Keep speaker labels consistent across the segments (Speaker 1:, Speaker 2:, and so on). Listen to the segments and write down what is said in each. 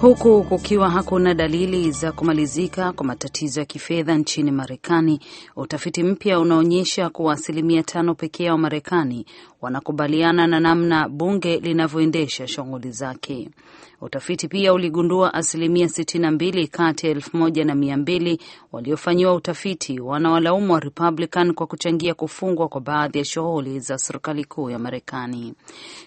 Speaker 1: Huku kukiwa hakuna dalili za kumalizika kwa matatizo ya kifedha nchini Marekani, utafiti mpya unaonyesha kuwa asilimia tano pekee ya Wamarekani wanakubaliana na namna bunge linavyoendesha shughuli zake. Utafiti pia uligundua asilimia 62 kati ya 1200 waliofanyiwa utafiti wanawalaumu wa Republican kwa kuchangia kufungwa kwa baadhi ya shughuli za serikali kuu ya Marekani.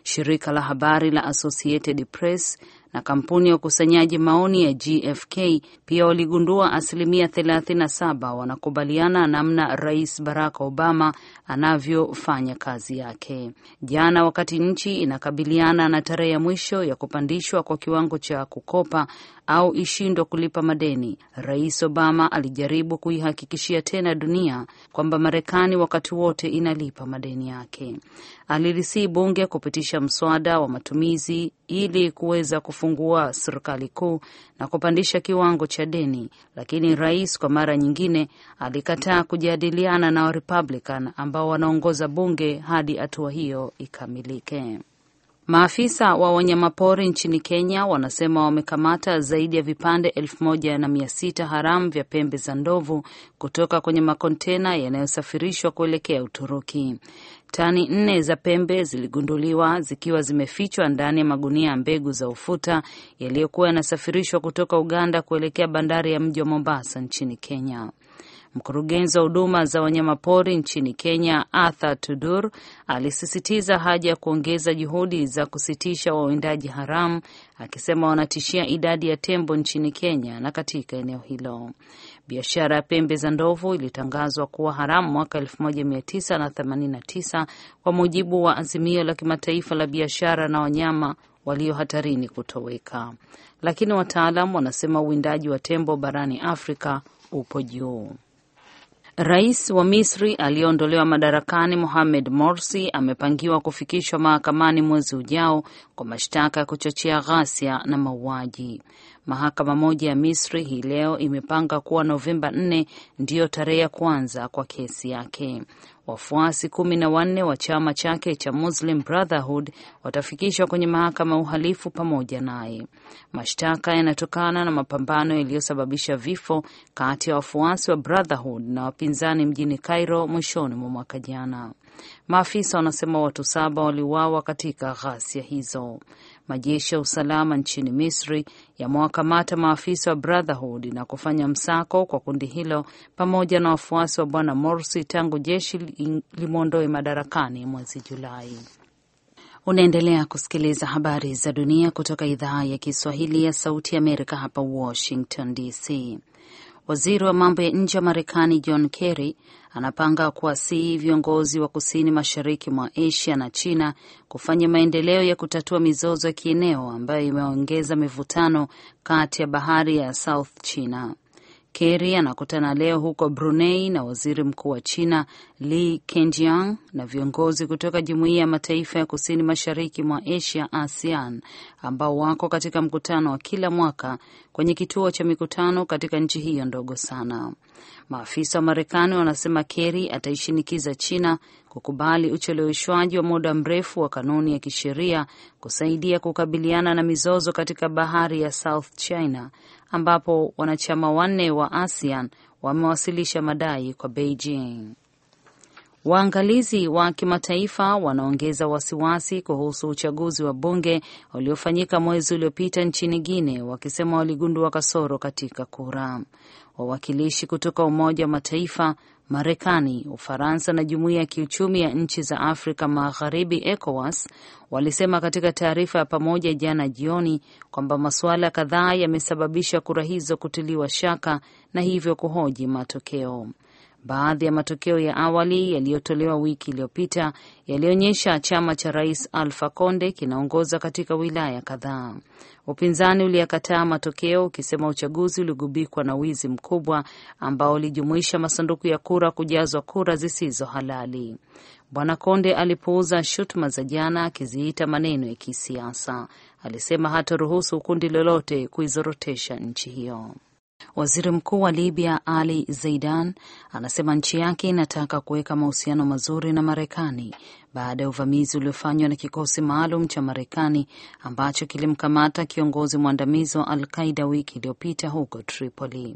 Speaker 1: Shirika la habari la Associated Press na kampuni ya ukusanyaji maoni ya GFK pia waligundua asilimia 37 wanakubaliana namna Rais Barack Obama anavyofanya kazi yake. Jana, wakati nchi inakabiliana na tarehe ya mwisho ya kupandishwa kwa kiwango cha kukopa au ishindwa kulipa madeni, Rais Obama alijaribu kuihakikishia tena dunia kwamba Marekani wakati wote inalipa madeni yake alilisii bunge kupitisha mswada wa matumizi ili kuweza kufungua serikali kuu na kupandisha kiwango cha deni, lakini rais kwa mara nyingine alikataa kujadiliana na Warepublican ambao wanaongoza bunge hadi hatua hiyo ikamilike. Maafisa wa wanyamapori nchini Kenya wanasema wamekamata zaidi ya vipande elfu moja na mia sita haramu vya pembe za ndovu kutoka kwenye makontena yanayosafirishwa kuelekea Uturuki. Tani nne za pembe ziligunduliwa zikiwa zimefichwa ndani ya magunia ya mbegu za ufuta yaliyokuwa yanasafirishwa kutoka Uganda kuelekea bandari ya mji wa Mombasa nchini Kenya. Mkurugenzi wa huduma za wanyamapori nchini Kenya, Arthur Tudur, alisisitiza haja ya kuongeza juhudi za kusitisha wawindaji haramu, akisema wanatishia idadi ya tembo nchini Kenya na katika eneo hilo. Biashara ya pembe za ndovu ilitangazwa kuwa haramu mwaka 1989 kwa mujibu wa azimio la kimataifa la biashara na wanyama walio hatarini kutoweka, lakini wataalam wanasema uwindaji wa tembo barani Afrika upo juu. Rais wa Misri aliyeondolewa madarakani Mohamed Morsi amepangiwa kufikishwa mahakamani mwezi ujao kwa mashtaka ya kuchochea ghasia na mauaji. Mahakama moja ya Misri hii leo imepanga kuwa Novemba 4 ndiyo tarehe ya kwanza kwa kesi yake. Wafuasi kumi na wanne wa chama chake cha Muslim Brotherhood watafikishwa kwenye mahakama ya uhalifu pamoja naye. Mashtaka yanatokana na mapambano yaliyosababisha vifo kati ya wafuasi wa Brotherhood na wapinzani mjini Cairo mwishoni mwa mwaka jana. Maafisa wanasema watu saba waliuawa katika ghasia hizo majeshi ya usalama nchini Misri yamewakamata maafisa wa Brotherhood na kufanya msako kwa kundi hilo pamoja na wafuasi wa bwana Morsi tangu jeshi limwondoe madarakani mwezi Julai. Unaendelea kusikiliza habari za dunia kutoka idhaa ya Kiswahili ya Sauti ya Amerika hapa Washington DC. Waziri wa mambo ya nje wa Marekani John Kerry anapanga kuwasihi viongozi wa kusini mashariki mwa Asia na China kufanya maendeleo ya kutatua mizozo ya kieneo ambayo imeongeza mivutano kati ya bahari ya South China. Kerry anakutana leo huko Brunei na waziri mkuu wa China Li Kenjiang na viongozi kutoka Jumuiya ya Mataifa ya Kusini Mashariki mwa Asia, ASEAN, ambao wako katika mkutano wa kila mwaka kwenye kituo cha mikutano katika nchi hiyo ndogo sana. Maafisa wa Marekani wanasema Kerry ataishinikiza China kukubali ucheleweshwaji wa muda mrefu wa kanuni ya kisheria kusaidia kukabiliana na mizozo katika bahari ya South China ambapo wanachama wanne wa ASEAN wamewasilisha madai kwa Beijing. Waangalizi wa kimataifa wanaongeza wasiwasi kuhusu uchaguzi wa bunge uliofanyika mwezi uliopita nchini Guinea, wakisema waligundua kasoro katika kura. Wawakilishi kutoka Umoja wa Mataifa, Marekani, Ufaransa na Jumuiya ya Kiuchumi ya Nchi za Afrika Magharibi, ECOWAS, walisema katika taarifa ya pamoja jana jioni kwamba masuala kadhaa yamesababisha kura hizo kutiliwa shaka na hivyo kuhoji matokeo. Baadhi ya matokeo ya awali yaliyotolewa wiki iliyopita yalionyesha chama cha rais Alfa Conde kinaongoza katika wilaya kadhaa. Upinzani uliyakataa matokeo ukisema uchaguzi uligubikwa na wizi mkubwa ambao ulijumuisha masanduku ya kura kujazwa kura zisizo halali. Bwana Konde alipuuza shutuma za jana akiziita maneno ya kisiasa. Alisema hataruhusu kundi lolote kuizorotesha nchi hiyo. Waziri Mkuu wa Libya Ali Zeidan anasema nchi yake inataka kuweka mahusiano mazuri na Marekani baada ya uvamizi uliofanywa na kikosi maalum cha Marekani ambacho kilimkamata kiongozi mwandamizi wa Al Qaida wiki iliyopita huko Tripoli.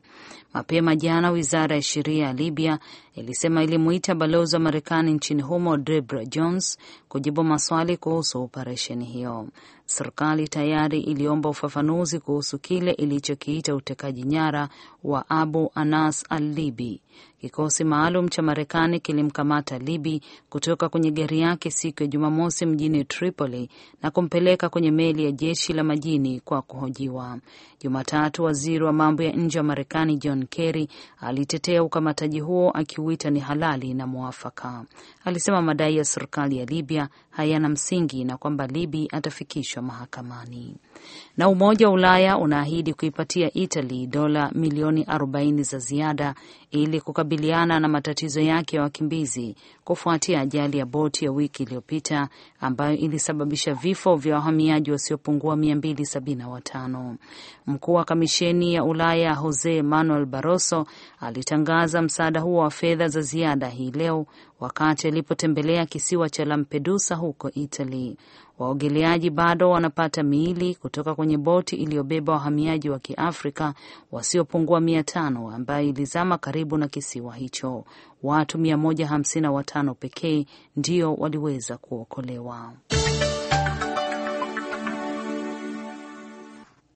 Speaker 1: Mapema jana, wizara ya sheria ya Libya ilisema ilimuita balozi wa Marekani nchini humo Debra Jones kujibu maswali kuhusu operesheni hiyo serikali tayari iliomba ufafanuzi kuhusu kile ilichokiita utekaji nyara wa Abu Anas al-Libi Kikosi maalum cha Marekani kilimkamata Libi kutoka kwenye gari yake siku ya Jumamosi mjini Tripoli na kumpeleka kwenye meli ya jeshi la majini kwa kuhojiwa. Jumatatu, waziri wa mambo ya nje wa Marekani John Kerry alitetea ukamataji huo akiuita ni halali na mwafaka. Alisema madai ya serikali ya Libya hayana msingi na kwamba Libi atafikishwa mahakamani. Na Umoja wa Ulaya unaahidi kuipatia Italy dola milioni 40 za ziada ili kukabiliana na matatizo yake ya wakimbizi kufuatia ajali ya boti ya wiki iliyopita ambayo ilisababisha vifo vya wahamiaji wasiopungua 275. Mkuu wa kamisheni ya Ulaya Jose Manuel Barroso alitangaza msaada huo wa fedha za ziada hii leo wakati alipotembelea kisiwa cha Lampedusa huko Italy. Waogeleaji bado wanapata miili kutoka kwenye boti iliyobeba wahamiaji wa Kiafrika wasiopungua mia tano ambayo ilizama karibu na kisiwa hicho. Watu 155 pekee ndio waliweza kuokolewa.